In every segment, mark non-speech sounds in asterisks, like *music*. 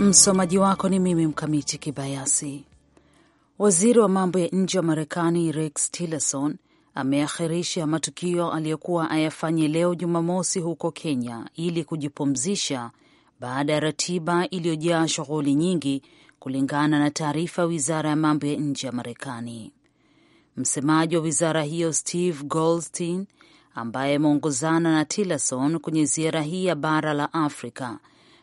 Msomaji wako ni mimi Mkamiti Kibayasi. Waziri wa mambo ya nje wa Marekani Rex Tillerson ameakhirisha matukio aliyokuwa ayafanye leo Jumamosi huko Kenya ili kujipumzisha baada ya ratiba iliyojaa shughuli nyingi, kulingana na taarifa ya wizara ya mambo ya nje ya Marekani. Msemaji wa wizara hiyo Steve Goldstein, ambaye ameongozana na Tillerson kwenye ziara hii ya bara la Afrika,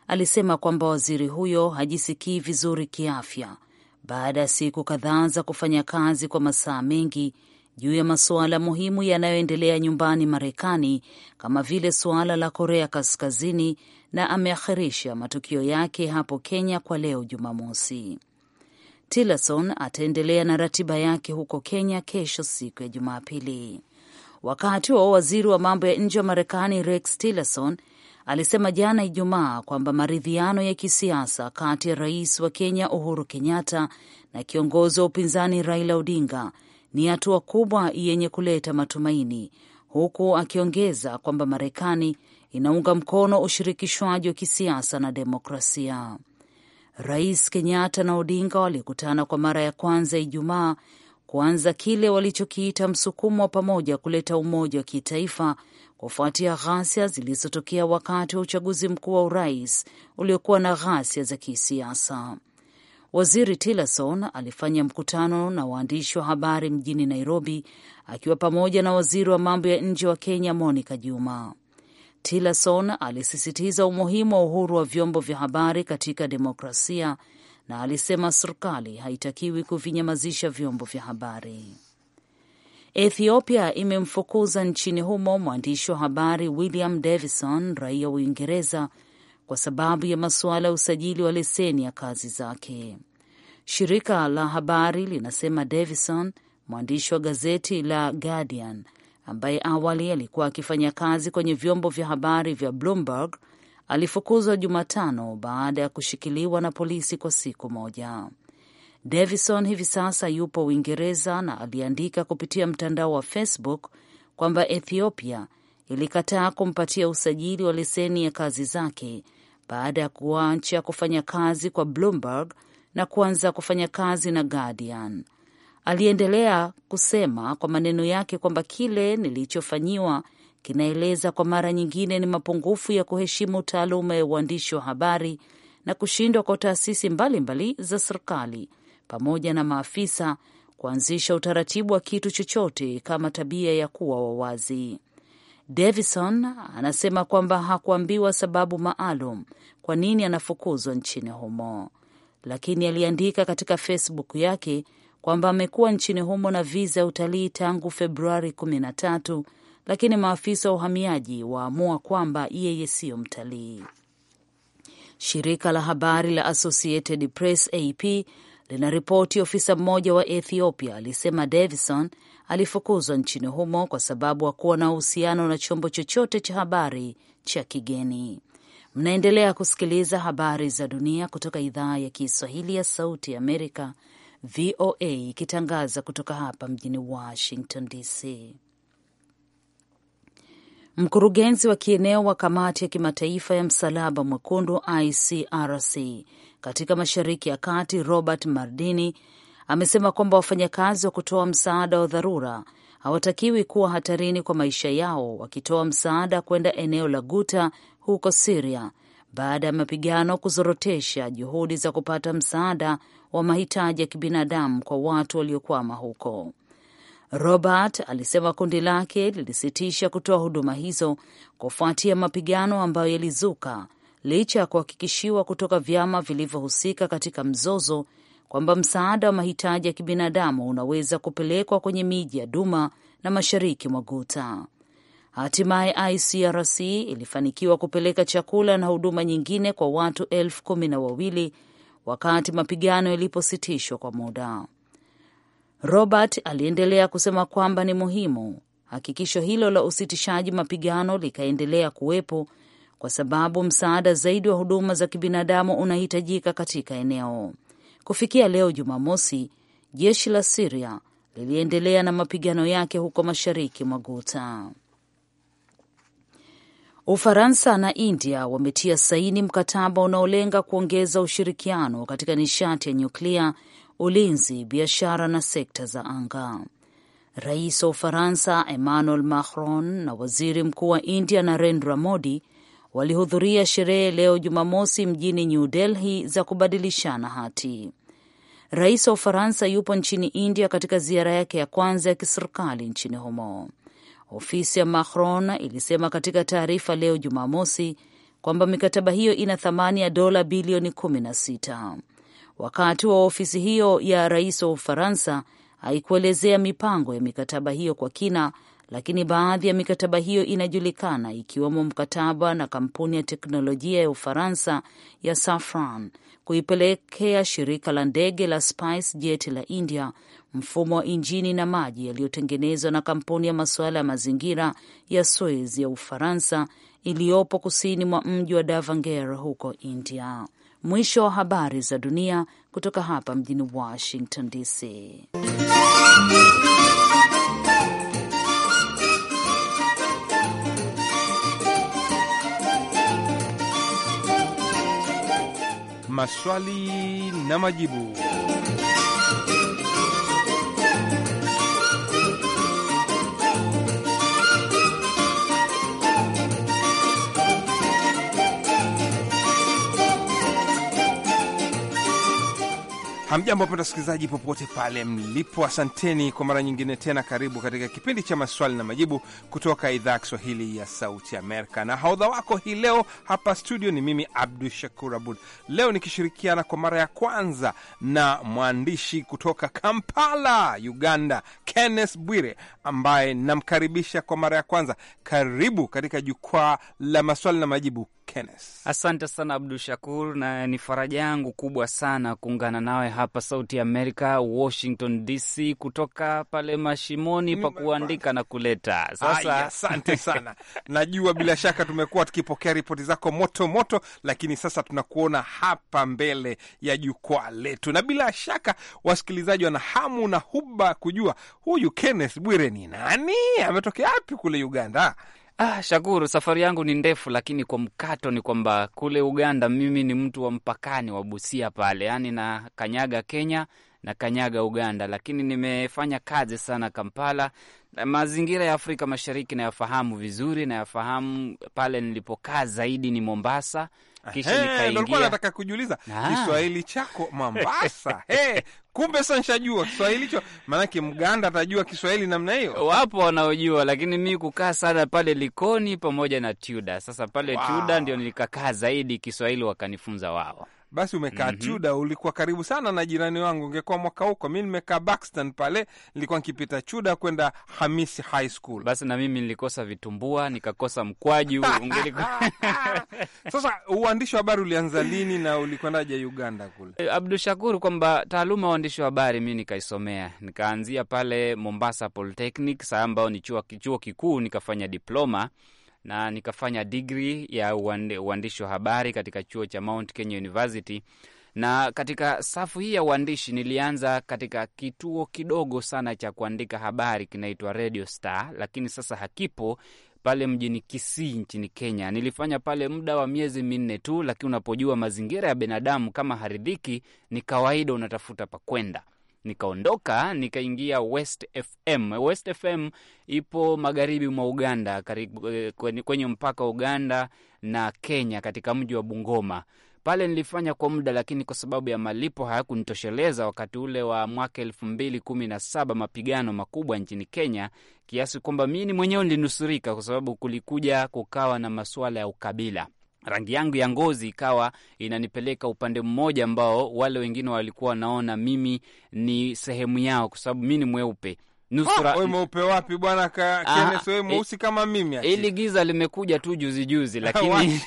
alisema kwamba waziri huyo hajisikii vizuri kiafya baada ya siku kadhaa za kufanya kazi kwa masaa mengi juu ya masuala muhimu yanayoendelea nyumbani Marekani kama vile suala la Korea Kaskazini, na ameakhirisha matukio yake hapo Kenya kwa leo Jumamosi. Tillerson ataendelea na ratiba yake huko Kenya kesho, siku ya Jumapili. Wakati wa waziri wa mambo ya nje wa Marekani Rex Tillerson alisema jana Ijumaa kwamba maridhiano ya kisiasa kati ya rais wa Kenya Uhuru Kenyatta na kiongozi wa upinzani Raila Odinga ni hatua kubwa yenye kuleta matumaini, huku akiongeza kwamba Marekani inaunga mkono ushirikishwaji wa kisiasa na demokrasia. Rais Kenyatta na Odinga walikutana kwa mara ya kwanza Ijumaa kuanza kile walichokiita msukumo wa pamoja kuleta umoja wa kitaifa kufuatia ghasia zilizotokea wakati wa uchaguzi mkuu wa urais uliokuwa na ghasia za kisiasa. Waziri Tillerson alifanya mkutano na waandishi wa habari mjini Nairobi akiwa pamoja na waziri wa mambo ya nje wa Kenya Monica Juma. Tillerson alisisitiza umuhimu wa uhuru wa vyombo vya habari katika demokrasia na alisema serikali haitakiwi kuvinyamazisha vyombo vya habari. Ethiopia imemfukuza nchini humo mwandishi wa habari William Davison, raia wa Uingereza, kwa sababu ya masuala ya usajili wa leseni ya kazi zake. Shirika la habari linasema Davison, mwandishi wa gazeti la Guardian ambaye awali alikuwa akifanya kazi kwenye vyombo vya habari vya Bloomberg, alifukuzwa Jumatano baada ya kushikiliwa na polisi kwa siku moja. Davison hivi sasa yupo Uingereza na aliandika kupitia mtandao wa Facebook kwamba Ethiopia ilikataa kumpatia usajili wa leseni ya kazi zake baada ya kuacha kufanya kazi kwa Bloomberg na kuanza kufanya kazi na Guardian. Aliendelea kusema kwa maneno yake kwamba kile nilichofanyiwa kinaeleza kwa mara nyingine ni mapungufu ya kuheshimu taaluma ya uandishi wa habari na kushindwa kwa taasisi mbalimbali za serikali pamoja na maafisa kuanzisha utaratibu wa kitu chochote kama tabia ya kuwa wawazi. Davison anasema kwamba hakuambiwa sababu maalum kwa nini anafukuzwa nchini humo, lakini aliandika katika Facebook yake kwamba amekuwa nchini humo na viza ya utalii tangu Februari 13 lakini maafisa wa uhamiaji waamua kwamba yeye siyo mtalii. Shirika la habari la Associated Press AP linaripoti ofisa mmoja wa Ethiopia alisema Davison alifukuzwa nchini humo kwa sababu hakuwa na uhusiano na chombo chochote cha habari cha kigeni. Mnaendelea kusikiliza habari za dunia kutoka idhaa ya Kiswahili ya Sauti ya Amerika, VOA, ikitangaza kutoka hapa mjini Washington DC. Mkurugenzi wa kieneo wa kamati ya kimataifa ya msalaba mwekundu ICRC katika Mashariki ya Kati Robert Mardini amesema kwamba wafanyakazi wa kutoa msaada wa dharura hawatakiwi kuwa hatarini kwa maisha yao wakitoa msaada kwenda eneo la Guta huko Siria baada ya mapigano kuzorotesha juhudi za kupata msaada wa mahitaji ya kibinadamu kwa watu waliokwama huko. Robert alisema kundi lake lilisitisha kutoa huduma hizo kufuatia mapigano ambayo yalizuka licha ya kuhakikishiwa kutoka vyama vilivyohusika katika mzozo kwamba msaada wa mahitaji ya kibinadamu unaweza kupelekwa kwenye miji ya Duma na mashariki mwa Guta. Hatimaye ICRC ilifanikiwa kupeleka chakula na huduma nyingine kwa watu elfu kumi na wawili wakati mapigano yalipositishwa kwa muda. Robert aliendelea kusema kwamba ni muhimu hakikisho hilo la usitishaji mapigano likaendelea kuwepo kwa sababu msaada zaidi wa huduma za kibinadamu unahitajika katika eneo. Kufikia leo Jumamosi, jeshi la Siria liliendelea na mapigano yake huko mashariki mwa Guta. Ufaransa na India wametia saini mkataba unaolenga kuongeza ushirikiano katika nishati ya nyuklia, ulinzi, biashara na sekta za anga. Rais wa Ufaransa Emmanuel Macron na waziri mkuu wa India Narendra Modi walihudhuria sherehe leo Jumamosi mjini New Delhi za kubadilishana hati. Rais wa Ufaransa yupo nchini India katika ziara yake ya kwanza ya kiserikali nchini humo. Ofisi ya Macron ilisema katika taarifa leo Jumamosi kwamba mikataba hiyo ina thamani ya dola bilioni kumi na sita. Wakati wa ofisi hiyo ya rais wa Ufaransa haikuelezea mipango ya mikataba hiyo kwa kina, lakini baadhi ya mikataba hiyo inajulikana, ikiwemo mkataba na kampuni ya teknolojia ya Ufaransa ya Safran kuipelekea shirika la ndege la SpiceJet la India mfumo wa injini na maji yaliyotengenezwa na kampuni ya masuala ya mazingira ya Suez ya Ufaransa iliyopo kusini mwa mji wa Davangere huko India. Mwisho wa habari za dunia kutoka hapa mjini Washington DC. maswali na majibu. Hamjambo wapenda wasikilizaji, popote pale mlipo, asanteni kwa mara nyingine tena. Karibu katika kipindi cha maswali na majibu kutoka idhaa ya Kiswahili ya Sauti Amerika, na haudha wako hii leo hapa studio ni mimi Abdu Shakur Abud, leo nikishirikiana kwa mara ya kwanza na mwandishi kutoka Kampala, Uganda, Kenneth Bwire, ambaye namkaribisha kwa mara ya kwanza. Karibu katika jukwaa la maswali na majibu. Kenneth. Asante sana Abdu Shakur, na ni faraja yangu kubwa sana kuungana nawe hapa Sauti ya Amerika, Washington DC, kutoka pale mashimoni pa kuandika na kuleta. Sasa asante sana najua bila shaka tumekuwa tukipokea ripoti zako moto moto, lakini sasa tunakuona hapa mbele ya jukwaa letu, na bila shaka wasikilizaji wana hamu na huba kujua huyu Kenneth Bwire ni nani, ametokea wapi kule Uganda. Ah, Shakuru, safari yangu ni ndefu, lakini kwa mkato ni kwamba kule Uganda mimi ni mtu wa mpakani wa Busia pale, yaani na kanyaga Kenya na kanyaga Uganda, lakini nimefanya kazi sana Kampala. Mazingira ya Afrika Mashariki nayafahamu vizuri, nayafahamu. Pale nilipokaa zaidi ni Mombasa kisha nataka kujiuliza ah. Kiswahili chako Mombasa. *laughs* Hey, kumbe sasa nishajua Kiswahili cho, maanake Mganda atajua Kiswahili namna hiyo. Wapo wanaojua, lakini mi kukaa sana pale Likoni pamoja na Tuda. Sasa pale wow. Tuda ndio nilikakaa zaidi, Kiswahili wakanifunza wao. Basi umekaa mm -hmm. Chuda ulikuwa karibu sana na jirani wangu, ungekuwa mwaka huko, mi nimekaa Buxton pale, nilikuwa nikipita Chuda kwenda Hamisi High School. Basi na mimi nilikosa vitumbua nikakosa mkwaju *laughs* *laughs* Sasa uandishi wa habari ulianza lini na ulikwendaje Uganda kule? Eh, Abdu Shakur, kwamba taaluma ya uandishi wa habari mi nikaisomea, nikaanzia pale Mombasa Polytechnic, saa ambayo ni chuo kikuu, nikafanya diploma na nikafanya digri ya uandishi wa habari katika chuo cha Mount Kenya University. Na katika safu hii ya uandishi nilianza katika kituo kidogo sana cha kuandika habari kinaitwa Radio Star, lakini sasa hakipo pale mjini Kisii nchini Kenya. Nilifanya pale muda wa miezi minne tu, lakini unapojua mazingira ya binadamu, kama haridhiki, ni kawaida unatafuta pakwenda. Nikaondoka nikaingia West FM. West FM ipo magharibi mwa Uganda, eh, kwenye mpaka wa Uganda na Kenya, katika mji wa Bungoma. Pale nilifanya kwa muda, lakini kwa sababu ya malipo hayakunitosheleza wakati ule wa mwaka elfu mbili kumi na saba, mapigano makubwa nchini Kenya, kiasi kwamba ni mwenyewe nilinusurika, kwa sababu kulikuja kukawa na masuala ya ukabila rangi yangu ya ngozi ikawa inanipeleka upande mmoja ambao wale wengine walikuwa wanaona mimi ni sehemu yao, kwa sababu mi ni mweupe. Nusura... Oh, mweupe wapi bwana ka e- mweusi kama mimi. Hili giza limekuja tu juzi juzi, *laughs* lakini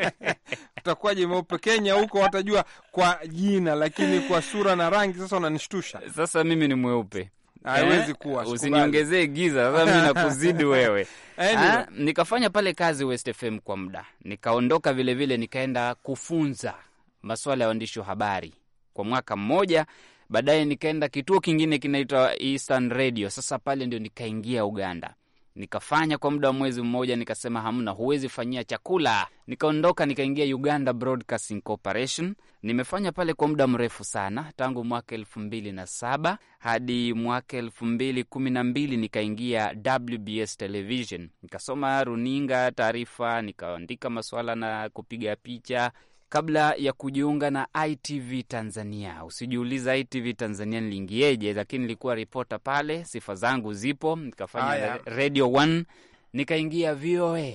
*laughs* utakuwaje mweupe? Kenya huko watajua kwa jina, lakini kwa sura na rangi sasa wananishtusha. Sasa mimi ni mweupe haiwezi eh? kuwa. Usiniongezee giza sasa, mimi nakuzidi *laughs* wewe. Ha, eh, ah, nikafanya pale kazi West FM kwa muda, nikaondoka vilevile, nikaenda kufunza masuala ya waandishi wa habari kwa mwaka mmoja. Baadaye nikaenda kituo kingine kinaitwa Eastern Radio. Sasa pale ndio nikaingia Uganda, Nikafanya kwa muda wa mwezi mmoja, nikasema hamna, huwezi fanyia chakula. Nikaondoka nikaingia Uganda Broadcasting Corporation. Nimefanya pale kwa muda mrefu sana, tangu mwaka elfu mbili na saba hadi mwaka elfu mbili kumi na mbili nikaingia WBS Television, nikasoma runinga taarifa, nikaandika masuala na kupiga picha kabla ya kujiunga na ITV Tanzania. Usijiuliza ITV Tanzania niliingieje, lakini nilikuwa ripota pale, sifa zangu zipo, nikafanya Radio 1 nikaingia VOA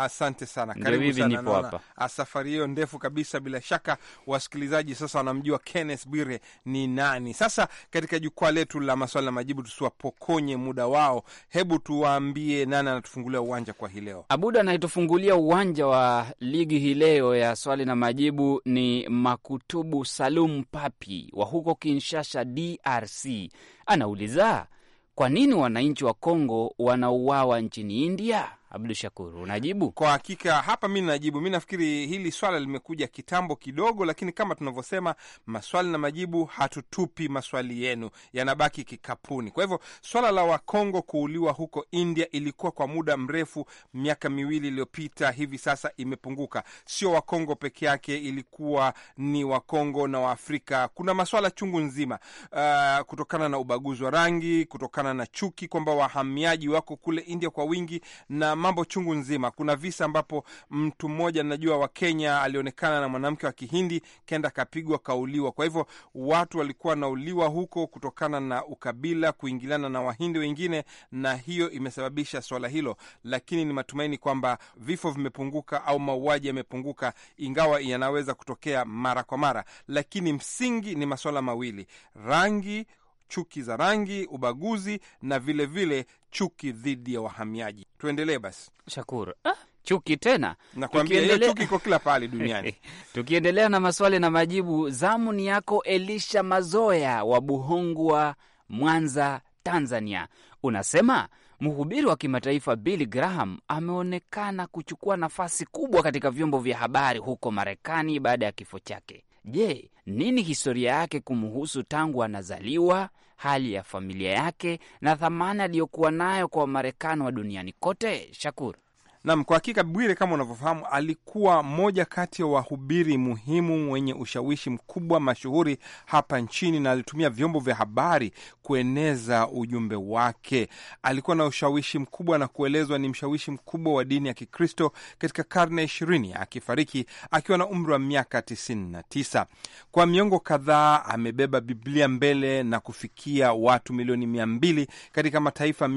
Asante sana, karibu sana. Ah, safari hiyo ndefu kabisa. Bila shaka wasikilizaji sasa wanamjua Kenneth Bwire ni nani. Sasa katika jukwaa letu la maswali na majibu, tusiwapokonye muda wao. Hebu tuwaambie nani anatufungulia uwanja kwa hii leo. Abuda anayetufungulia uwanja wa ligi hii leo ya swali na majibu ni Makutubu Salum Papi wa huko Kinshasa, DRC. Anauliza, kwa nini wananchi wa Kongo wanauawa nchini India? Abdu Shakur, unajibu? Kwa hakika hapa mi najibu. Mi nafikiri hili swala limekuja kitambo kidogo, lakini kama tunavyosema, maswali na majibu, hatutupi maswali yenu, yanabaki kikapuni. Kwa hivyo swala la Wakongo kuuliwa huko India ilikuwa kwa muda mrefu, miaka miwili iliyopita hivi sasa imepunguka. Sio Wakongo peke yake, ilikuwa ni Wakongo na Waafrika. Kuna maswala chungu nzima, uh, kutokana na ubaguzi wa rangi, kutokana na chuki kwamba wahamiaji wako kule India kwa wingi na mambo chungu nzima. Kuna visa ambapo mtu mmoja najua wa Kenya alionekana na mwanamke wa Kihindi, kenda akapigwa, kauliwa. Kwa hivyo watu walikuwa wanauliwa huko kutokana na ukabila, kuingiliana na Wahindi wengine, na hiyo imesababisha swala hilo, lakini ni matumaini kwamba vifo vimepunguka au mauaji yamepunguka, ingawa yanaweza kutokea mara kwa mara, lakini msingi ni masuala mawili: rangi chuki za rangi, ubaguzi na vilevile vile chuki dhidi ya wahamiaji. Tuendelee basi, Shakur. Ah, chuki tena, nakwambia hiyo chuki iko kila pale duniani. *laughs* Tukiendelea na maswali na majibu, zamu ni yako Elisha Mazoya wa Buhongwa, Mwanza, Tanzania. Unasema mhubiri wa kimataifa Billy Graham ameonekana kuchukua nafasi kubwa katika vyombo vya habari huko Marekani baada ya kifo chake. Je, nini historia yake kumhusu tangu anazaliwa, hali ya familia yake na thamani aliyokuwa nayo kwa Wamarekani wa duniani kote. Shakur Nam, kwa hakika Bwire, kama unavyofahamu, alikuwa mmoja kati ya wahubiri muhimu wenye ushawishi mkubwa mashuhuri hapa nchini, na alitumia vyombo vya habari kueneza ujumbe wake. Alikuwa na ushawishi mkubwa na kuelezwa ni mshawishi mkubwa wa dini ya Kikristo katika karne ishirini, akifariki akiwa na umri wa miaka 99. Kwa miongo kadhaa amebeba Biblia mbele na kufikia watu milioni mbili katika mataifa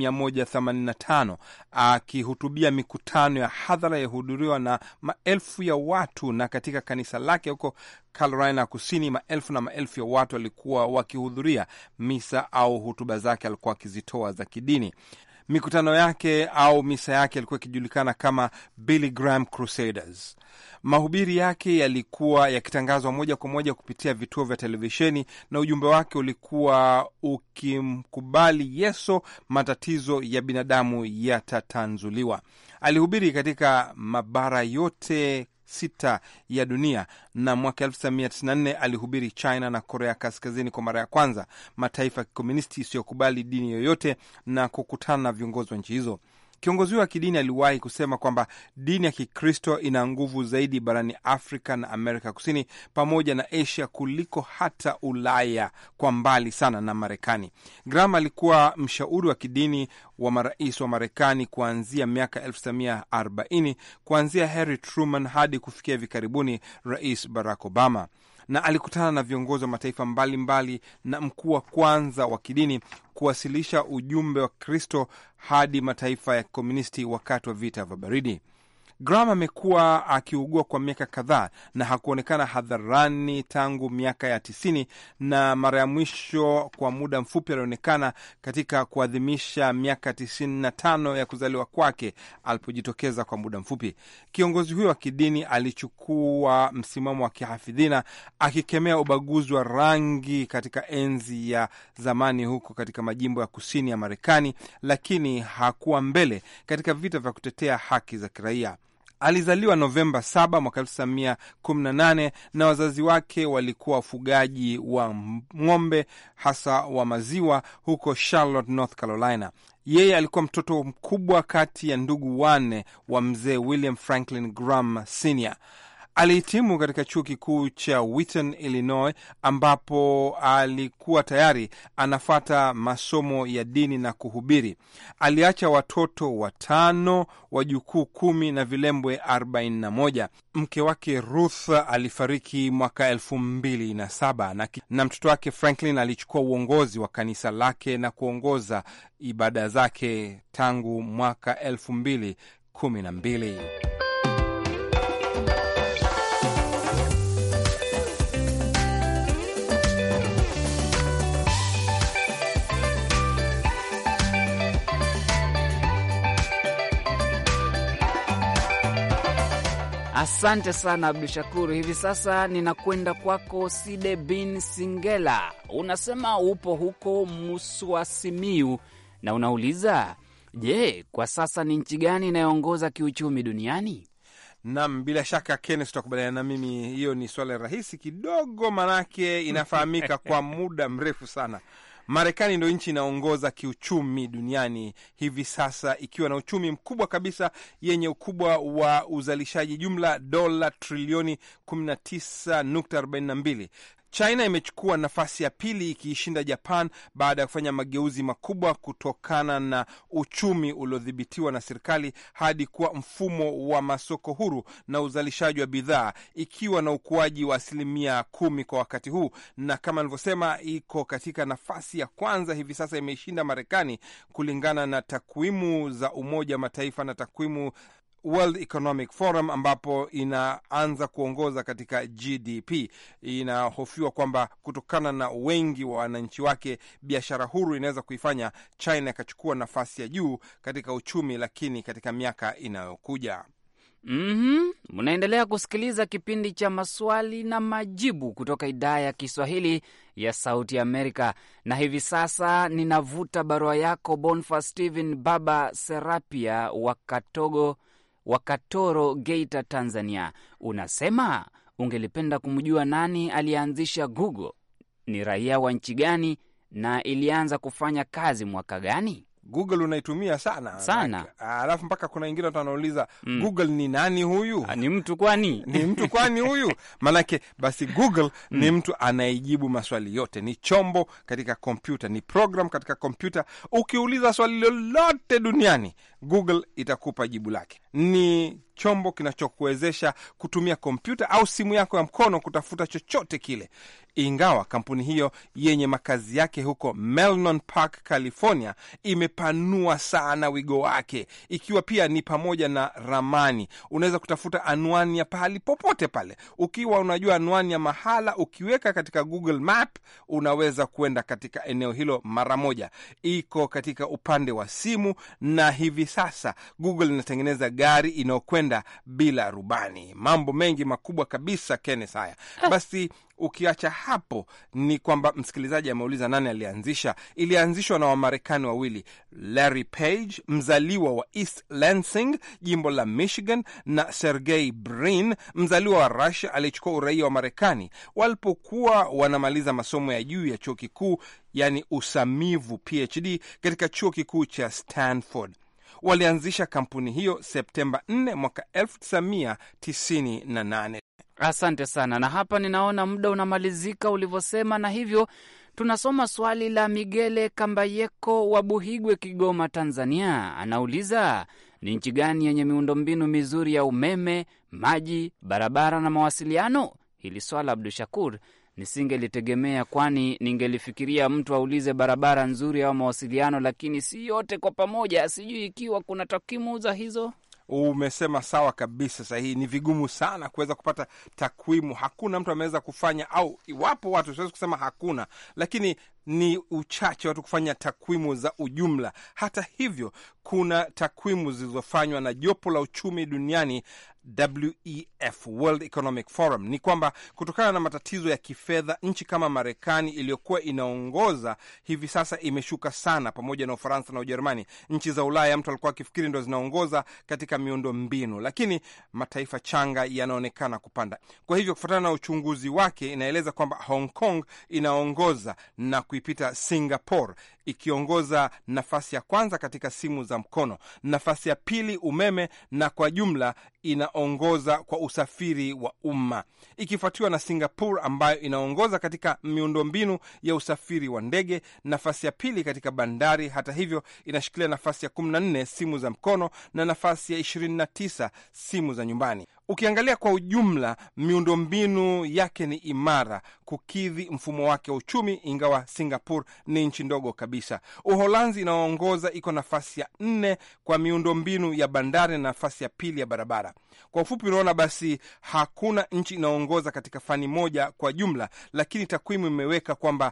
tano akihutubia mikutano mikutano ya hadhara yahudhuriwa na maelfu ya watu, na katika kanisa lake huko Carolina Kusini, maelfu na maelfu ya watu walikuwa wakihudhuria misa au hutuba zake alikuwa akizitoa za kidini. Mikutano yake au misa yake yalikuwa ikijulikana kama Billy Graham Crusaders. Mahubiri yake yalikuwa yakitangazwa moja kwa moja kupitia vituo vya televisheni na ujumbe wake ulikuwa ukimkubali Yesu, matatizo ya binadamu yatatanzuliwa. Alihubiri katika mabara yote sita ya dunia na mwaka 1994 alihubiri China na Korea Kaskazini kwa mara ya kwanza, mataifa ya kikomunisti isiyokubali dini yoyote, na kukutana na viongozi wa nchi hizo. Kiongozi huyo wa kidini aliwahi kusema kwamba dini ya Kikristo ina nguvu zaidi barani Afrika na Amerika Kusini pamoja na Asia kuliko hata Ulaya kwa mbali sana na Marekani. Graham alikuwa mshauri wa kidini wa marais wa Marekani kuanzia miaka 1940 kuanzia Harry Truman hadi kufikia hivi karibuni Rais Barack Obama na alikutana na viongozi wa mataifa mbalimbali mbali na mkuu wa kwanza wa kidini kuwasilisha ujumbe wa Kristo hadi mataifa ya kikomunisti wakati wa vita vya baridi. Graham amekuwa akiugua kwa miaka kadhaa na hakuonekana hadharani tangu miaka ya tisini, na mara ya mwisho kwa muda mfupi alionekana katika kuadhimisha miaka tisini na tano ya kuzaliwa kwake alipojitokeza kwa muda mfupi. Kiongozi huyo wa kidini alichukua msimamo wa kihafidhina akikemea ubaguzi wa rangi katika enzi ya zamani huko katika majimbo ya kusini ya Marekani, lakini hakuwa mbele katika vita vya kutetea haki za kiraia. Alizaliwa Novemba 7 mwaka 1918 na wazazi wake walikuwa wafugaji wa ng'ombe hasa wa maziwa huko Charlotte, North Carolina. Yeye alikuwa mtoto mkubwa kati ya ndugu wanne wa mzee William Franklin Graham Sr. Alihitimu katika chuo kikuu cha Witton, Illinois, ambapo alikuwa tayari anafata masomo ya dini na kuhubiri. Aliacha watoto watano, wajukuu kumi na vilembwe 41. Mke wake Ruth alifariki mwaka elfu mbili na saba na, na mtoto wake Franklin alichukua uongozi wa kanisa lake na kuongoza ibada zake tangu mwaka elfu mbili kumi na mbili. Asante sana Abdu shakur Hivi sasa ninakwenda kwako Side bin Singela, unasema upo huko Muswasimiu na unauliza je, kwa sasa ni nchi gani inayoongoza kiuchumi duniani? Nam, bila shaka Kennes, utakubaliana na mimi, hiyo ni swala rahisi kidogo, manake inafahamika *laughs* kwa muda mrefu sana. Marekani ndio nchi inaongoza kiuchumi duniani hivi sasa ikiwa na uchumi mkubwa kabisa yenye ukubwa wa uzalishaji jumla dola trilioni 19.42 China imechukua nafasi ya pili ikiishinda Japan baada ya kufanya mageuzi makubwa kutokana na uchumi uliodhibitiwa na serikali hadi kuwa mfumo wa masoko huru na uzalishaji wa bidhaa, ikiwa na ukuaji wa asilimia kumi kwa wakati huu, na kama alivyosema iko katika nafasi ya kwanza hivi sasa, imeishinda Marekani kulingana na takwimu za Umoja wa Mataifa na takwimu World Economic Forum ambapo inaanza kuongoza katika GDP. Inahofiwa kwamba kutokana na wengi wa wananchi wake, biashara huru inaweza kuifanya China ikachukua nafasi ya juu katika uchumi, lakini katika miaka inayokuja. Mm -hmm. Mnaendelea kusikiliza kipindi cha maswali na majibu kutoka idhaa ya Kiswahili ya Sauti Amerika, na hivi sasa ninavuta barua yako Bonfa Stephen Baba Serapia wa Katogo wa Katoro, Geita, Tanzania, unasema ungelipenda kumjua nani aliyeanzisha Google, ni raia wa nchi gani na ilianza kufanya kazi mwaka gani? Google unaitumia sana sana, alafu mpaka kuna wengine watu wanauliza mm, Google ni nani huyu? A, ah, ni mtu kwani? *laughs* ni mtu kwani huyu? *laughs* Manake basi Google mm, ni mtu anayejibu maswali yote, ni chombo katika kompyuta, ni program katika kompyuta. Ukiuliza swali lolote duniani Google itakupa jibu lake ni chombo kinachokuwezesha kutumia kompyuta au simu yako ya mkono kutafuta chochote kile. Ingawa kampuni hiyo yenye makazi yake huko Melnon Park, California, imepanua sana wigo wake, ikiwa pia ni pamoja na ramani. Unaweza kutafuta anwani ya pahali popote pale. Ukiwa unajua anwani ya mahala, ukiweka katika Google Map unaweza kuenda katika eneo hilo mara moja. Iko katika upande wa simu, na hivi sasa Google inatengeneza gari inayokwenda bila rubani. Mambo mengi makubwa kabisa, Kenneth. Haya ah. basi, ukiacha hapo ni kwamba msikilizaji ameuliza nani alianzisha. Ilianzishwa na Wamarekani wawili, Larry Page, mzaliwa wa East Lansing, jimbo la Michigan, na Sergey Brin, mzaliwa wa Russia aliyechukua uraia wa Marekani walipokuwa wanamaliza masomo ya juu ya chuo kikuu, yani usamivu PhD katika chuo kikuu cha Stanford walianzisha kampuni hiyo Septemba 4 mwaka 1998. Asante sana, na hapa ninaona muda unamalizika ulivyosema, na hivyo tunasoma swali la Migele Kambayeko wa Buhigwe, Kigoma, Tanzania. Anauliza, ni nchi gani yenye miundombinu mizuri ya umeme, maji, barabara na mawasiliano? Hili swala Abdu Shakur nisingelitegemea, kwani ningelifikiria mtu aulize barabara nzuri au mawasiliano, lakini si yote kwa pamoja. Sijui ikiwa kuna takwimu za hizo. Umesema sawa kabisa, sahihi. Ni vigumu sana kuweza kupata takwimu, hakuna mtu ameweza kufanya, au iwapo watu siwezi kusema hakuna, lakini ni uchache watu kufanya takwimu za ujumla. Hata hivyo, kuna takwimu zilizofanywa na jopo la uchumi duniani WEF, World Economic Forum, ni kwamba kutokana na matatizo ya kifedha nchi kama Marekani iliyokuwa inaongoza hivi sasa imeshuka sana, pamoja na Ufaransa na Ujerumani. Nchi za Ulaya mtu alikuwa akifikiri ndo zinaongoza katika miundo mbinu, lakini mataifa changa yanaonekana kupanda. Kwa hivyo, kufuatana na uchunguzi wake, inaeleza kwamba Hong Kong inaongoza na kuipita Singapore ikiongoza nafasi ya kwanza katika simu za mkono, nafasi ya pili umeme, na kwa jumla inaongoza kwa usafiri wa umma ikifuatiwa na Singapore ambayo inaongoza katika miundombinu ya usafiri wa ndege, nafasi ya pili katika bandari. Hata hivyo, inashikilia nafasi ya 14 simu za mkono na nafasi ya 29 simu za nyumbani. Ukiangalia kwa ujumla, miundombinu yake ni imara kukidhi mfumo wake wa uchumi, ingawa Singapore ni nchi ndogo kabisa kabisa. Uholanzi inaongoza iko nafasi ya nne kwa miundombinu ya bandari na nafasi ya pili ya barabara. Kwa ufupi, unaona basi hakuna nchi inaongoza katika fani moja kwa jumla, lakini takwimu imeweka kwamba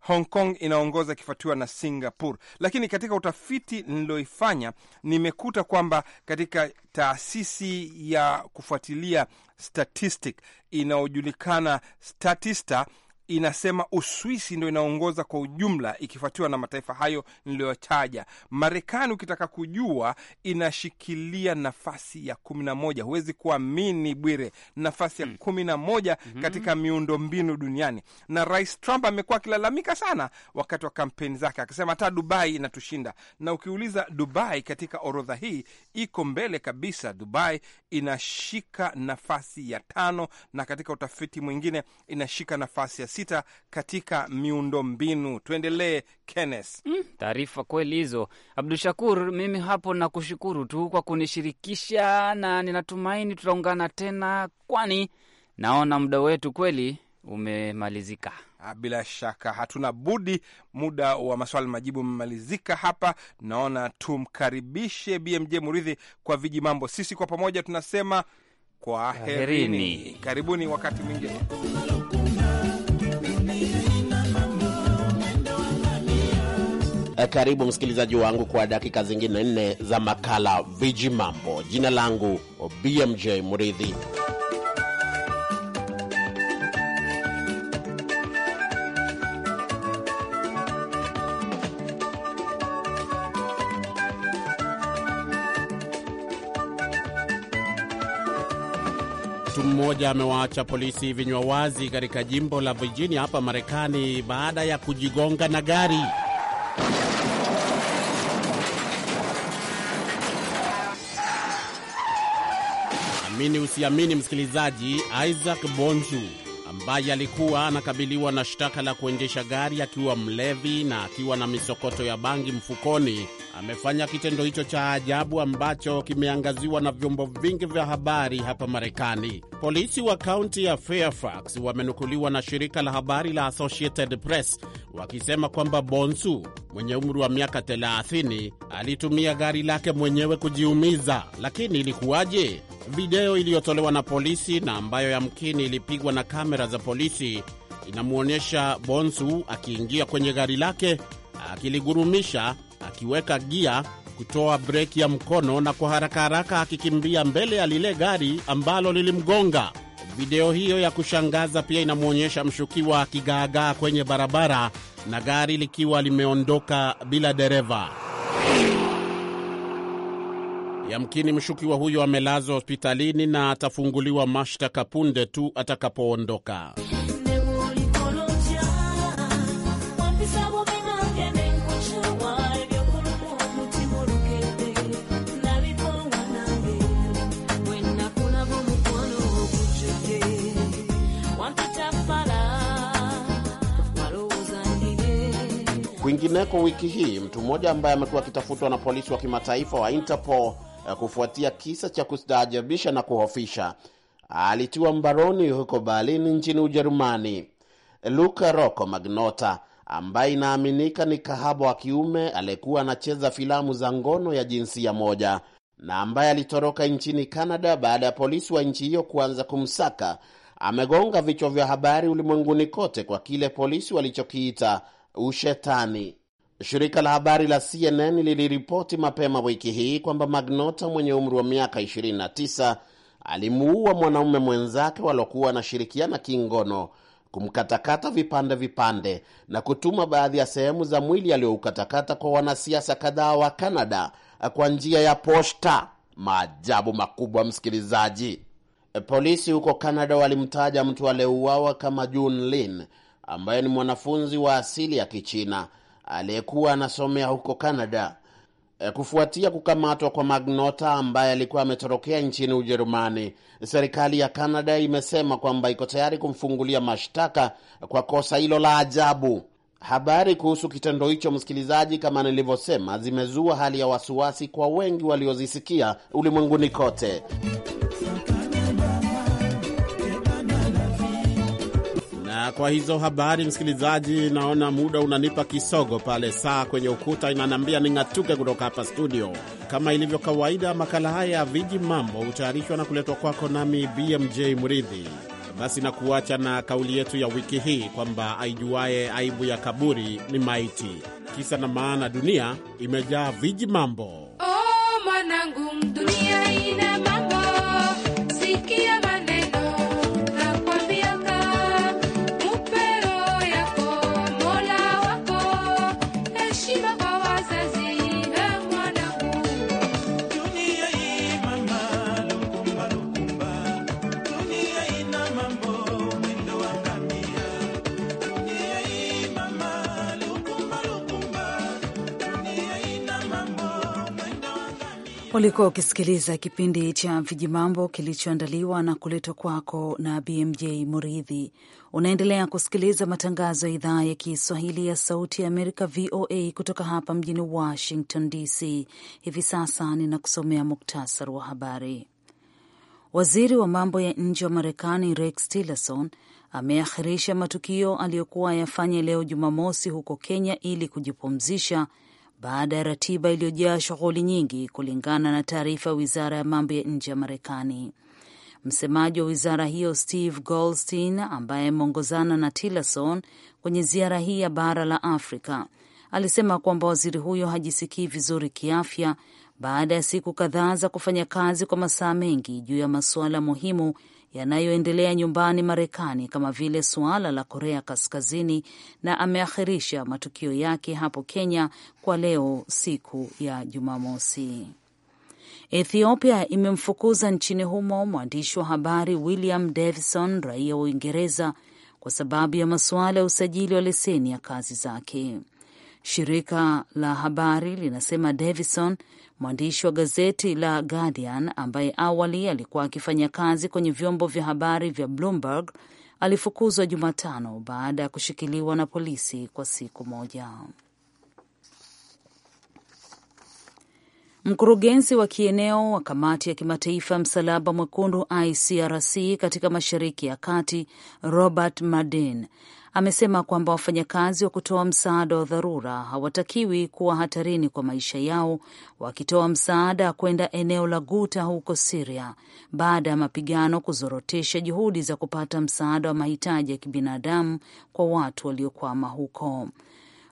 Hong Kong inaongoza ikifuatiwa na Singapore. Lakini katika utafiti nilioifanya nimekuta kwamba katika taasisi ya kufuatilia statistic inayojulikana Statista inasema Uswisi ndo inaongoza kwa ujumla, ikifuatiwa na mataifa hayo niliyotaja. Marekani ukitaka kujua, inashikilia nafasi ya kumi na moja. Huwezi kuamini Bwire, nafasi ya hmm. kumi na moja mhm. katika miundombinu duniani. Na Rais Trump amekuwa akilalamika sana wakati wa kampeni zake, akisema hata Dubai inatushinda. Na ukiuliza Dubai katika orodha hii iko mbele kabisa. Dubai inashika nafasi ya tano, na katika utafiti mwingine inashika nafasi ya sita katika miundombinu. Tuendelee Kennes. Mm, taarifa kweli hizo, Abdu Shakur. Mimi hapo nakushukuru tu kwa kunishirikisha na ninatumaini tutaungana tena, kwani naona muda wetu kweli umemalizika. Ah, bila shaka hatuna budi, muda wa maswali majibu umemalizika hapa. Naona tumkaribishe BMJ Muridhi kwa viji mambo. Sisi kwa pamoja tunasema herini. karibuni wakati mwingine. Eh, karibu msikilizaji wangu kwa dakika zingine nne za makala Viji Mambo. Jina langu BMJ mridhi mmoja amewaacha polisi vinywa wazi katika jimbo la Virginia hapa Marekani baada ya kujigonga na gari. Amini usiamini, msikilizaji, Isaac Bonzu ambaye alikuwa anakabiliwa na shtaka la kuendesha gari akiwa mlevi na akiwa na misokoto ya bangi mfukoni amefanya kitendo hicho cha ajabu ambacho kimeangaziwa na vyombo vingi vya habari hapa Marekani. Polisi wa kaunti ya Fairfax wamenukuliwa na shirika la habari la Associated Press wakisema kwamba Bonsu mwenye umri wa miaka 30 alitumia gari lake mwenyewe kujiumiza. Lakini ilikuwaje? Video iliyotolewa na polisi na ambayo yamkini ilipigwa na kamera za polisi inamwonyesha Bonsu akiingia kwenye gari lake akiligurumisha akiweka gia kutoa breki ya mkono na kwa haraka haraka akikimbia mbele ya lile gari ambalo lilimgonga. Video hiyo ya kushangaza pia inamwonyesha mshukiwa akigaagaa kwenye barabara na gari likiwa limeondoka bila dereva. Yamkini mshukiwa huyo amelazwa hospitalini na atafunguliwa mashtaka punde tu atakapoondoka. Kwingineko wiki hii, mtu mmoja ambaye amekuwa akitafutwa na polisi wa kimataifa wa Interpol eh, kufuatia kisa cha kustaajabisha na kuhofisha alitiwa mbaroni huko Berlin nchini Ujerumani. Luka Rocco Magnota ambaye inaaminika ni kahaba wa kiume aliyekuwa anacheza filamu za ngono ya jinsia moja na ambaye alitoroka nchini Canada baada ya polisi wa nchi hiyo kuanza kumsaka, amegonga vichwa vya habari ulimwenguni kote kwa kile polisi walichokiita ushetani. Shirika la habari la CNN liliripoti mapema wiki hii kwamba Magnota mwenye umri wa miaka 29 alimuua mwanaume mwenzake waliokuwa wanashirikiana kingono, kumkatakata vipande vipande na kutuma baadhi ya sehemu za mwili aliyoukatakata kwa wanasiasa kadhaa wa canada kwa njia ya posta. Maajabu makubwa, msikilizaji. Polisi huko canada walimtaja mtu aliyeuawa kama June Lin ambaye ni mwanafunzi wa asili ya Kichina aliyekuwa anasomea huko Canada eh, kufuatia kukamatwa kwa Magnota ambaye alikuwa ametorokea nchini Ujerumani. Serikali ya Canada imesema kwamba iko tayari kumfungulia mashtaka kwa kosa hilo la ajabu. Habari kuhusu kitendo hicho, msikilizaji, kama nilivyosema, zimezua hali ya wasiwasi kwa wengi waliozisikia ulimwenguni kote. kwa hizo habari, msikilizaji, naona muda unanipa kisogo pale, saa kwenye ukuta inaniambia ning'atuke kutoka hapa studio. Kama ilivyo kawaida, makala haya ya viji mambo hutayarishwa na kuletwa kwako nami BMJ Mridhi. Basi na kuacha na kauli yetu ya wiki hii kwamba aijuaye aibu ya kaburi ni maiti. Kisa na maana, dunia imejaa viji mambo. Ulikuwa ukisikiliza kipindi cha Vijimambo kilichoandaliwa na kuletwa kwako na BMJ Muridhi. Unaendelea kusikiliza matangazo ya idhaa ya Kiswahili ya Sauti ya Amerika, VOA, kutoka hapa mjini Washington DC. Hivi sasa ninakusomea muktasari wa habari. Waziri wa mambo ya nje wa Marekani Rex Tillerson ameakhirisha matukio aliyokuwa yafanye leo Jumamosi huko Kenya ili kujipumzisha baada ya ratiba iliyojaa shughuli nyingi, kulingana na taarifa ya wizara ya mambo ya nje ya Marekani. Msemaji wa wizara hiyo Steve Goldstein, ambaye ameongozana na Tillerson kwenye ziara hii ya bara la Afrika, alisema kwamba waziri huyo hajisikii vizuri kiafya baada ya siku kadhaa za kufanya kazi kwa masaa mengi juu ya masuala muhimu yanayoendelea nyumbani Marekani kama vile suala la Korea Kaskazini na ameakhirisha matukio yake hapo Kenya kwa leo siku ya Jumamosi. Ethiopia imemfukuza nchini humo mwandishi wa habari William Davison, raia wa Uingereza, kwa sababu ya masuala ya usajili wa leseni ya kazi zake. Shirika la habari linasema Davison, mwandishi wa gazeti la Guardian ambaye awali alikuwa akifanya kazi kwenye vyombo vya habari vya Bloomberg, alifukuzwa Jumatano baada ya kushikiliwa na polisi kwa siku moja. Mkurugenzi wa kieneo wa kamati ya kimataifa ya msalaba mwekundu ICRC katika mashariki ya kati, Robert madin amesema kwamba wafanyakazi wa kutoa msaada wa dharura hawatakiwi kuwa hatarini kwa maisha yao wakitoa msaada kwenda eneo la Guta huko Siria baada ya mapigano kuzorotesha juhudi za kupata msaada wa mahitaji ya kibinadamu kwa watu waliokwama huko.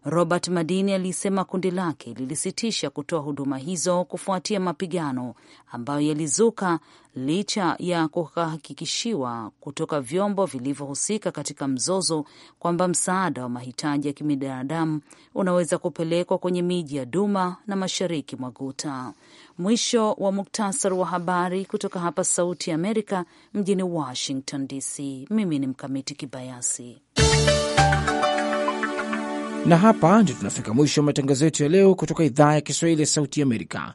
Robert Madini alisema kundi lake lilisitisha kutoa huduma hizo kufuatia mapigano ambayo yalizuka licha ya kuhakikishiwa kutoka vyombo vilivyohusika katika mzozo kwamba msaada wa mahitaji ya kibinadamu unaweza kupelekwa kwenye miji ya Duma na mashariki mwa Guta. Mwisho wa muktasari wa habari kutoka hapa Sauti ya Amerika mjini Washington DC. Mimi ni Mkamiti Kibayasi na hapa ndio tunafika mwisho wa matangazo yetu ya leo kutoka idhaa ya Kiswahili ya Sauti Amerika.